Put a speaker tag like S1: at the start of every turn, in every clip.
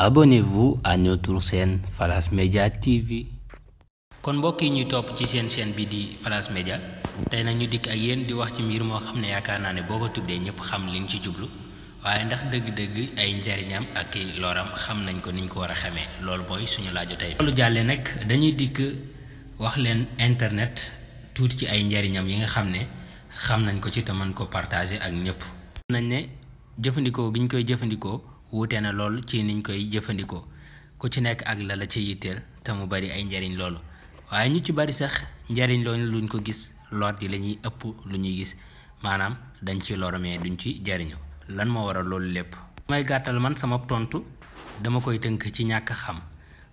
S1: abonnez-vous à notre chaîne Flash Media TV. kon mbokk yi ñuy topp ci seen chaîne bi di Flash Media tey nag ñu dikk ak yéen di wax ci mbir moo xam ne yaakaar naa ne boo ko tuddee ñëpp xam li nga ci jublu waaye ndax dëgg-dëgg ay njariñam ak i loram xam nañ ko niñ ko war a xamee loolu mooy suñu laajo tey. loolu jàllee nag dañuy dikk wax leen internet tuuti ci ay njariñam yi nga xam ne xam nañ ko ci te mën ko partager ak ñëpp. nañ ne jëfandikoo gi koy jëfandikoo. wuute na lool ci niñ koy jëfandikoo ku ci nekk ak la la ci yitteel te mu bari ay njariñ loolu waaye ñu ci bari sax njariñ loolu luñ ko gis lor di la ñuy ëpp lu ñuy gis maanaam dañ ci lor mais duñ ci jariñu lan moo waral loolu lépp. may gàttal man sama tontu dama koy tënk ci ñàkk xam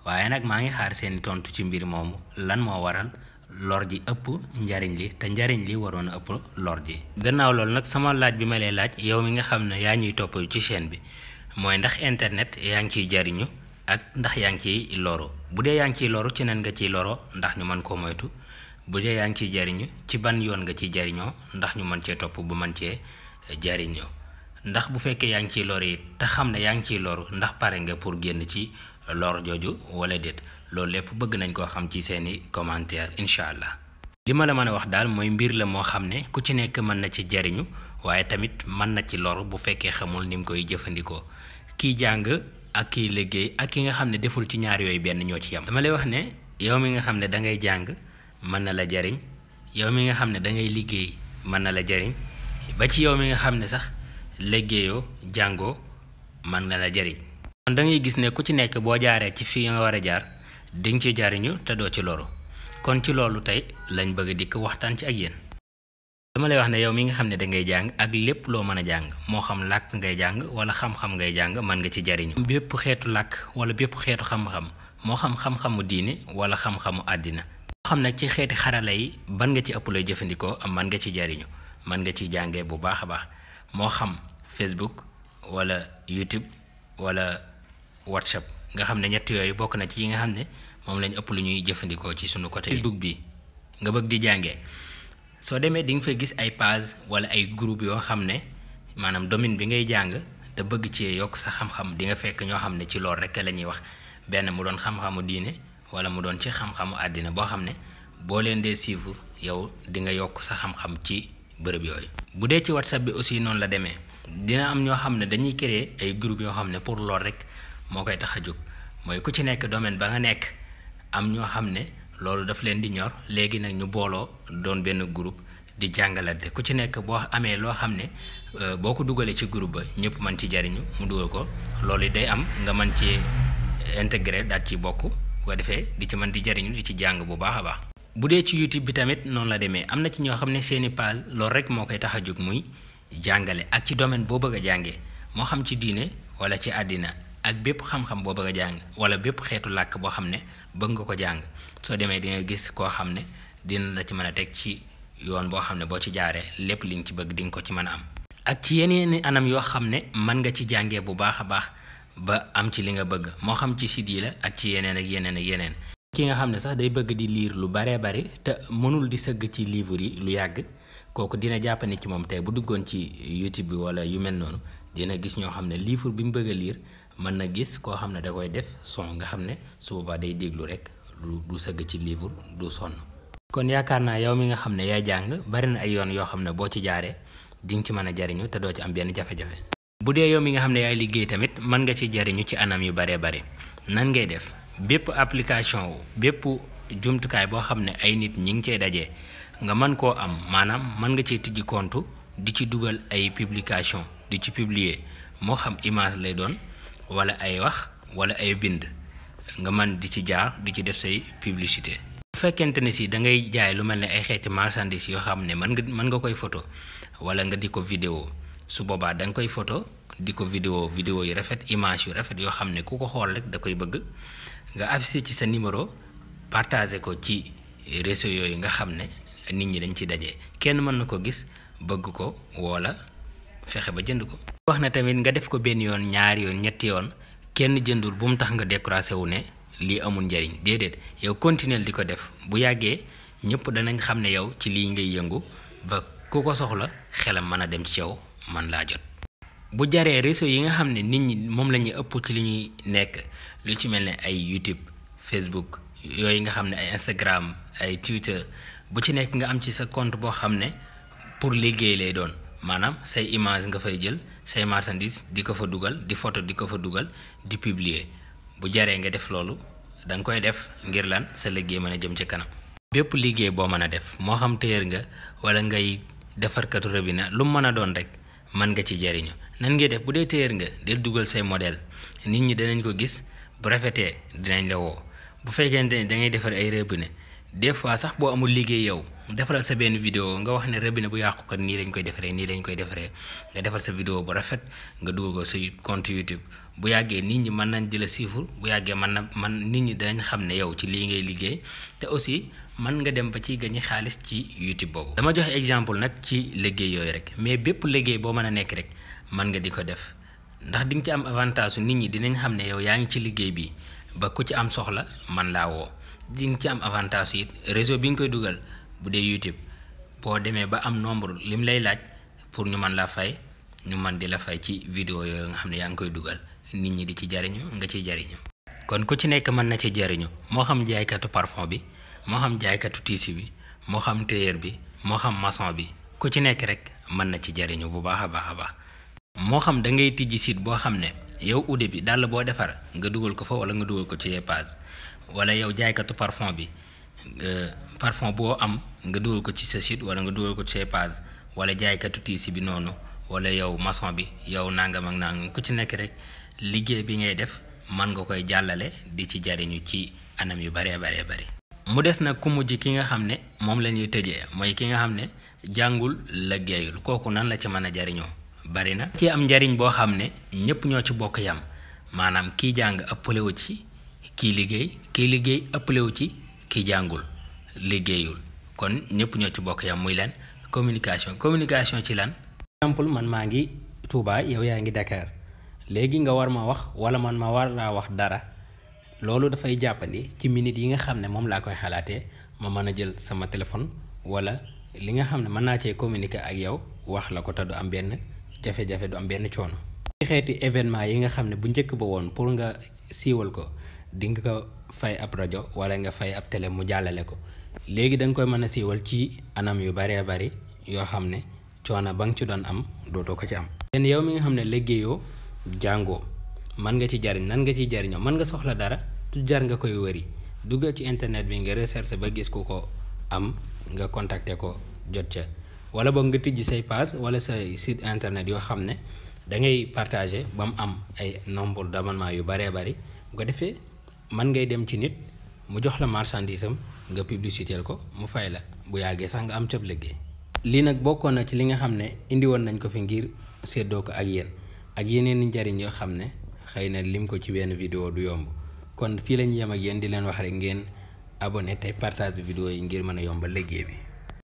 S1: waaye nag maa ngi xaar seeni tontu ci mbir moomu lan moo waral. lor ji ëpp njariñ li te njariñ li waroon a ëpp lool ji gannaaw loolu nag sama laaj bi ma lay laaj yow mi nga xam ne yaa ñuy topp ci chaîne bi mooy ndax internet yaa ngi ciy jariñu ak ndax yaa ngi ciy loru bu dee yaa ngi ci looru ci nan nga ciy loro ndax ñu mën koo moytu bu dee yaa ngi ci jariñu ci ban yoon nga ciy jariñoo ndax ñu mën cee topp ba mën cee eh, jariñoo ndax bu fekkee yaa ngi ciy loru it te xam ne yaa ngi ci loru ndax pare nga pour génn ci loor jooju wala déet loolu lépp bëgg nañ koo xam ci seeni commentaire incha allah li ma la mën a wax daal mooy mbir la moo xam ne ku ci nekk mën na ci jariñu waaye tamit mën na ci loru bu fekkee xamul ni mu koy jëfandikoo kiy jàng ak kiy liggéey ak ki nga xam ne deful ci ñaar yooyu benn ñoo ci yem. dama lay wax ne yow mi nga xam ne da ngay jàng mën na la jariñ yow mi nga xam ne dangay liggéey mën na la jariñ ba ci yow mi nga xam ne sax liggéeyoo jàngoo mën na la jariñ. kon da gis ne ku ci nekk boo jaaree ci fi nga war a jaar di nga ci jariñu te doo ci loru. kon ci loolu tey lañ bëgg a dikk waxtaan ci ak yéen dama lay wax ne yow mi nga xam ne dangay jàng ak lépp loo mën a jàng moo xam làkk ngay jàng wala xam-xam ngay jàng mën nga ci jariñu bépp xeetu làkk wala bépp xeetu xam-xam moo xam xam-xamu diine wala xam àddina xam nag ci xeeti xarala yi ban nga ci ëpp lay jëfandikoo mën nga ci jariñu mën nga ci jàngee bu baax a baax moo xam Facebook wala YouTube wala WhatsApp nga xam ne ñett yooyu bokk na ci yi nga xam ne moom lañ ëpp lu ñuy jëfandikoo ci sunu côté Facebook bi nga bëgg di jàngee soo demee di nga fay gis ay page wala ay groupe yoo xam ne maanaam domaine bi ngay jàng te bëgg ci yokk sa xam-xam di nga fekk ñoo xam ne ci loolu rek la ñuy wax benn mu doon xam-xamu diine wala mu doon ci xam-xamu àddina boo xam ne boo leen dee suivre yow di nga yokk sa xam-xam ci bërëb yooyu. bu dee ci whatsapp bi aussi noonu la demee dina am ñoo xam ne dañuy créer ay groupe yoo xam ne pour loolu rek moo koy tax a jóg mooy ku ci nekk domaine ba nga nekk. am ñoo xam ne loolu daf leen di ñor léegi nag ñu booloo doon benn groupe di jàngalante ku ci nekk boo amee loo xam ne euh, boo ko dugalee ci groupe ba ñëpp mën ci jariñu mu dugal ko loolu day am nga mën ci intégré daal ci bokk bu defee di ci mën di jariñu di ci jàng bu baax a baax. bu dee ci YouTube bi tamit noonu la demee am na ci ñoo xam ne seeni page loolu rek moo koy tax a jóg muy jàngale ak ci domaine boo bëgg a jàngee moo xam ci diine wala ci àddina ak bépp xam-xam boo bëgg a jàng wala bépp xeetu làkk boo xam ne bëgg nga ko jàng soo demee dinga gis koo xam ne dina la ci mën a teg ci yoon boo xam ne boo ci jaaree lépp li nga ci bëgg di nga ko ci mën a am. ak ci yeneen anam yoo xam ne mën nga ci jàngee bu baax a baax ba am ci li nga bëgg moo xam ci site la ak ci yeneen ak yeneen yeneen. ki nga xam ne sax day bëgg di liir lu baree bari te mënul di sëgg ci livre yi lu yàgg kooku dina jàpp ne ci moom tey bu duggoon ci YouTube bi wala yu mel noonu dina gis ñoo xam ne livre bi mu bëgg a liir. mën na gis koo xam ne da koy def son nga xam ne su day déglu rek du du sëgg ci livre du sonn. kon yaakaar naa yow mi nga xam ne yaay jàng bari na ay yoon yoo xam ne boo ci jaaree di ci mën a jariñu te doo ci am benn jafe bu dee yow mi nga xam ne yaay liggéey tamit mën nga ci jariñu ci anam yu baree bare nan ngay def bépp application bépp jumtukaay boo xam ne ay nit ñi ngi cay daje nga mën koo am maanaam mën nga cee tijji compte di ci dugal ay publication di ci publier moo xam image lay doon. wala ay wax wala ay bind nga man di ci jaar di ci def say publicité fekkente ne si da ngay jaay lu melni ay xeeti marchandise yo xam man mën nga mën nga koy photo wala nga diko vidéo su boba dang koy photo diko vidéo vidéo yu rafet image yu rafet yo xam kuko xol rek da koy bëgg nga afficher ci sa numéro partager ko ci réseau yoy nga xam nit ñi dañ ci dajé kenn man nako gis bëgg ko wala fexe ba jënd ko. wax na tamit nga def ko benn yoon ñaari yoon ñetti yoon kenn jëndul bu mu tax nga découragé wu ne lii amul njariñ déedéet yow continuer di ko def bu yàggee ñëpp danañ xam ne yow ci lii ngay yëngu ba ku ko soxla xelam mën a dem ci yow man laa jot. bu jaree réseau yi nga xam ne nit ñi moom la ñuy ëpp ci li ñuy nekk lu ci mel ne ay YouTube Facebook yooyu nga xam ne ay Instagram ay Twitter bu ci nekk nga am ci sa compte boo xam ne pour liggéey lay doon. Ma'nam say image nga fay jël say marchandise di fa duggal di photo di fa duggal di publier bu jaree nga def lolu dang koy def ngir lan sa liggéey mën jëm ci kanam bépp liggéey bo mën def mo xam teyer nga wala ngay defarkatu robinet lu mën don rek man nga ci jariñu nan ngay def bu dee téyër nga del duggal say model nit ñi danañ ko gis bu rafété dinañ la wo bu fekkente da ngay defar ay robinet des fois sax bo amul liggéey yow defal sa benn vidéo nga wax ne robinet bu yàqu kat nii lañ koy defaree nii lañ koy defaree nga defal sa vidéo bu rafet nga dugal sa compte youtube bu yàggee nit ñi mën nañ di la siifur bu yàggee mën na man nit ñi danañ xam ne yow ci lii ngay liggéey te aussi man nga dem ba ci gañi xaalis ci youtube boobu dama joxe exemple nag ci liggéey yooyu rek mais bépp liggéey boo mën a nekk rek man nga di ko def ndax di nga ci am avantage su nit ñi dinañ xam ne yow yaa ci liggéey bi ba ku ci am soxla man laa woo di nga ci am avantage it réseau bi nga koy dugal bu dee YouTube boo demee ba am nombre lim lay laaj pour ñu mën la fay ñu mën di la fay ci vidéo yooyu nga xam ne yaa ngi koy dugal nit ñi di ci jariñu nga ciy jariñu kon ku ci nekk mën na ci jariñu moo xam jaaykatu parfum bi moo xam jaaykatu tissu bi moo xam tailleur bi moo xam mason bi ku ci nekk rek mën na ci jariñu bu baax a baax a baax moo xam da ngay tijji site boo xam ne yow ude bi dàll boo defar nga dugal ko fa wala nga dugal ko ci page wala yow jaaykatu parfum bi Euh, parfon boo am nga dugal ko ci sa site wala nga dugal ko ci say page wala jaaykatu tiisi bi noonu wala yow mason bi yow nangam ak nangam ku ci nekk rek liggéey bi ngay def man nga koy jàllale di ci jariñu ci anam yu baree baree bari mu des nag ku mujj ki nga xam ne moom la ñuy tëjee mooy ki nga xam ne jàngul liggéeyul kooku nan la ci mën a jariñoo bari na ci am njariñ boo xam ne ñëpp ñoo ci bokk yam maanaam kii jàng ëppalewu ci kii liggéey kii liggéey ëppalewu ci ki jàngul liggéeyul kon ñëpp ñoo ci bokk yam muy leen communication communication ci lan. exemple man maa ngi Touba yow yaa ngi Dakar léegi nga war ma wax wala man ma war laa wax dara loolu dafay jàppandi ci minute yi nga xam ne moom laa koy xalaatee ma mën a jël sama téléphone wala li nga xam ne mën naa cee communiquer ak yow wax la ko te du am benn jafe-jafe du am benn coono. ci xeeti événement yi nga xam ne bu njëkk ba woon pour nga siiwal ko fay ab rajo wala nga fay ab télé mu jàllale ko léegi da nga koy mën a siiwal ci anam yu baree bari yoo xam ne coono ba nga ci doon am dootoo ko ci am. ten yow mi nga xam ne liggéeyoo jàngoo mën nga ci jariñ nan nga ciy jariñoo mën nga soxla dara tu jar nga koy wëri duggal ci internet bi nga recherche ba gis ku ko am nga contacter ko jot ca wala boog nga tijji say page wala say site internet yoo xam ne da ngay partager ba mu am ay nombre d'abonnement yu baree bari bu ko defee. man ngay dem ci nit mu jox la marchandise am nga publicité ko mu fay la bu yàggee sax nga am cëb liggéey lii nag bokkoon na ci li nga xam ne indiwoon nañ ko fi ngir séddoo ko ak yéen ak yeneen i njariñ yoo xam ne xëy na lim ko ci benn video du yomb kon fii lañu yem ak yéen di leen wax rek ngeen abonné tey partage vidéo yi ngir mën a yombal liggéey bi